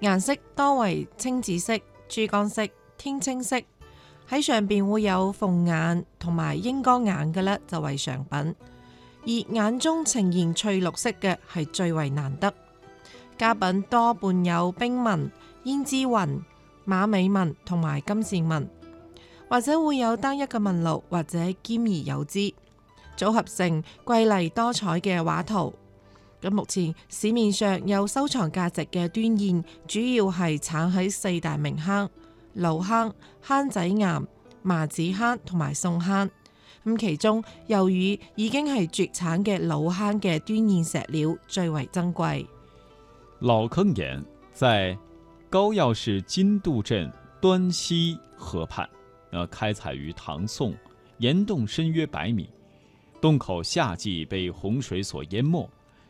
顏色多為青紫色、珠光色、天青色，喺上邊會有鳳眼同埋英光眼嘅咧，就為上品。而眼中呈現翠綠色嘅係最為難得。佳品多伴有冰紋、胭脂暈、馬尾紋同埋金線紋，或者會有單一嘅紋路，或者兼而有之，組合成瑰麗多彩嘅畫圖。咁目前市面上有收藏價值嘅端硯，主要係產喺四大名坑：老坑、坑仔巖、麻子坑同埋宋坑。咁其中，尤以已經係絕產嘅老坑嘅端硯石料最為珍貴。老坑巖在高要市金渡鎮端溪河畔，啊，開採於唐宋，巖洞深約百米，洞口夏季被洪水所淹沒。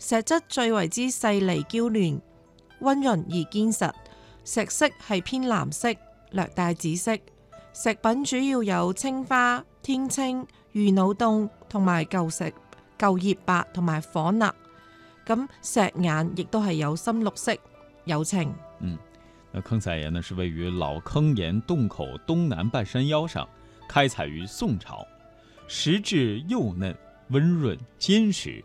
石質最為之細膩嬌嫩、温潤而堅實，石色係偏藍色，略帶紫色。石品主要有青花、天青、魚腦凍同埋舊石、舊葉白同埋火鈉。咁石眼亦都係有深綠色、有情。嗯,那坑仔岩呢是位於老坑岩洞口東南半山腰上，開採於宋朝，石質幼嫩、温潤、堅實。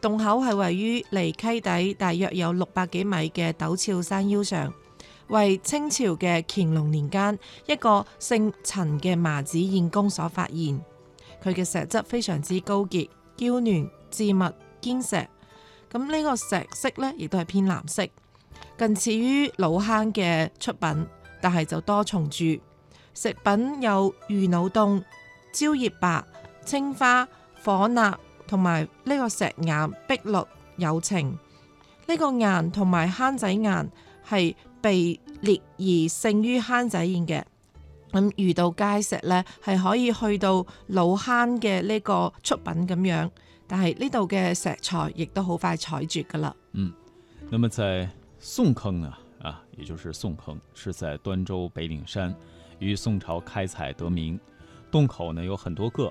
洞口係位於離溪底大約有六百幾米嘅陡峭山腰上，為清朝嘅乾隆年間一個姓陳嘅麻子硯工所發現。佢嘅石質非常之高潔、嬌嫩、緻密、堅石。咁呢個石色呢，亦都係偏藍色，近似於老坑嘅出品，但係就多蟲蛀。石品有魚腦凍、蕉葉白、青花、火捺。同埋呢個石岩碧綠有情，呢、這個岩同埋坑仔岩係被列而勝於坑仔岩嘅。咁、嗯、遇到佳石呢，係可以去到老坑嘅呢個出品咁樣，但係呢度嘅石材亦都好快採絕噶啦。嗯，那麼在宋坑啊，啊，也就是宋坑，是在端州北嶺山，於宋朝開採得名。洞口呢，有很多個。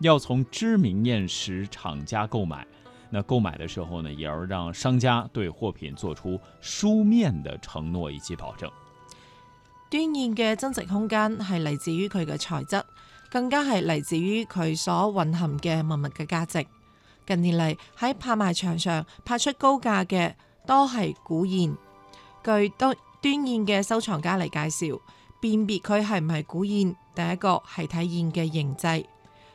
要從知名硯石廠家購買，那購買的時候呢，也要讓商家對貨品做出書面的承諾以及保證。端硯嘅增值空間係嚟自於佢嘅材質，更加係嚟自於佢所蘊含嘅文物嘅價值。近年嚟喺拍賣場上拍出高價嘅多係古硯。據端端硯嘅收藏家嚟介紹，辨別佢係唔係古硯，第一個係睇硯嘅形制。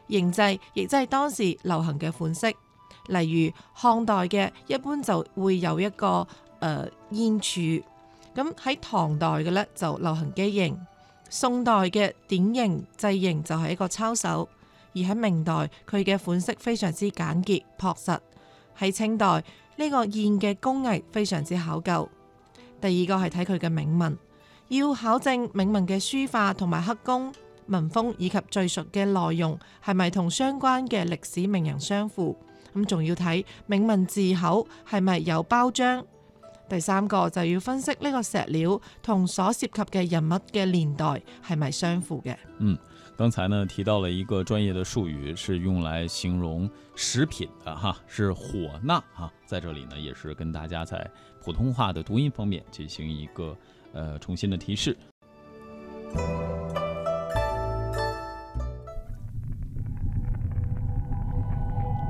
形制亦即係當時流行嘅款式，例如漢代嘅一般就會有一個誒硯、呃、柱，咁喺唐代嘅呢就流行箕形，宋代嘅典型製型就係一個抄手，而喺明代佢嘅款式非常之簡潔朴實，喺清代呢、這個硯嘅工藝非常之考究。第二個係睇佢嘅銘文，要考證銘文嘅書法同埋刻工。文風以及敘述嘅內容係咪同相關嘅歷史名人相符？咁仲要睇銘文字口係咪有包裝？第三個就要分析呢個石料同所涉及嘅人物嘅年代係咪相符嘅。嗯，剛才呢提到了一個專業的術語，是用來形容食品的哈，是火捺哈，在這裡呢也是跟大家在普通話的讀音方面進行一個呃重新的提示。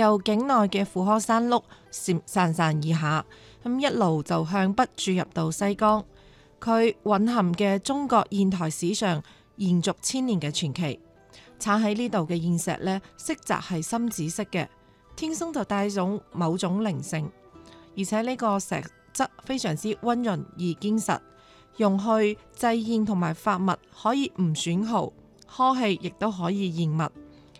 由境內嘅斧柯山麓潺潺而下，咁一路就向北注入到西江。佢蘊含嘅中國硯台史上延續千年嘅傳奇。產喺呢度嘅硯石呢，色澤係深紫色嘅，天生就帶種某種靈性，而且呢個石質非常之溫潤而堅實，用去製硯同埋發墨可以唔損耗，呵氣亦都可以研墨。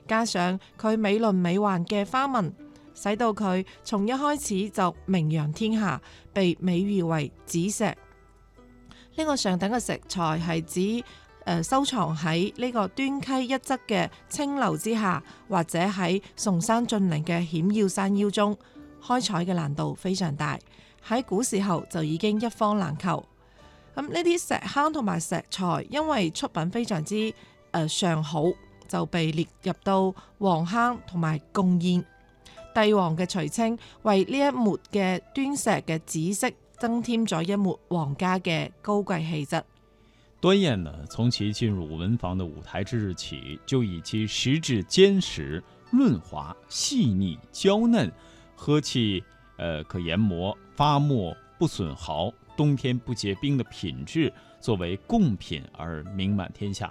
加上佢美輪美奐嘅花紋，使到佢從一開始就名揚天下，被美譽為紫石。呢、這個上等嘅石材係指誒、呃，收藏喺呢個端溪一側嘅清流之下，或者喺崇山峻嶺嘅險要山腰中開採嘅難度非常大，喺古時候就已經一方難求。咁呢啲石坑同埋石材，因為出品非常之誒、呃、上好。就被列入到皇坑同埋貢硯，帝王嘅垂青為呢一抹嘅端石嘅紫色增添咗一抹皇家嘅高貴氣質。端硯呢，從其進入文房的舞台之日起，就以其實質堅實、潤滑、細膩、嬌嫩，呵氣，呃，可研磨、發墨、不損毫、冬天不結冰的品質，作為貢品而名滿天下。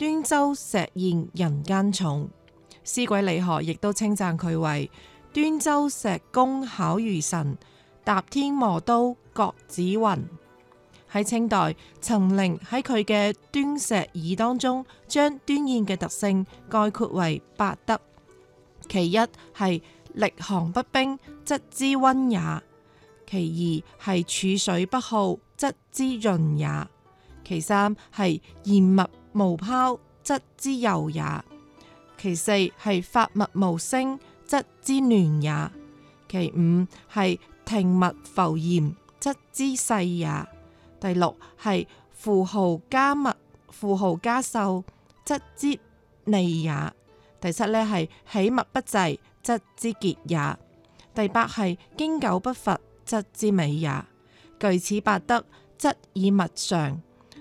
端州石硯人間重，詩鬼李賀亦都稱讚佢為端州石工巧如神，踏天磨刀割紫雲。喺清代，陳齡喺佢嘅《端石擬》當中，將端硯嘅特性概括為八德。其一係歷寒不冰，質之溫也；其二係貯水不耗，質之潤也；其三係硯墨。現物無泡，質之柔也，其四係發墨無聲，質之嫩也；其五係停墨浮艷，質之細也；第六係護毫加護手，質之膩也；第七呢係起墨不滯，質之潔也；第八係經久不乏，質之美也。具此八德，質以物上。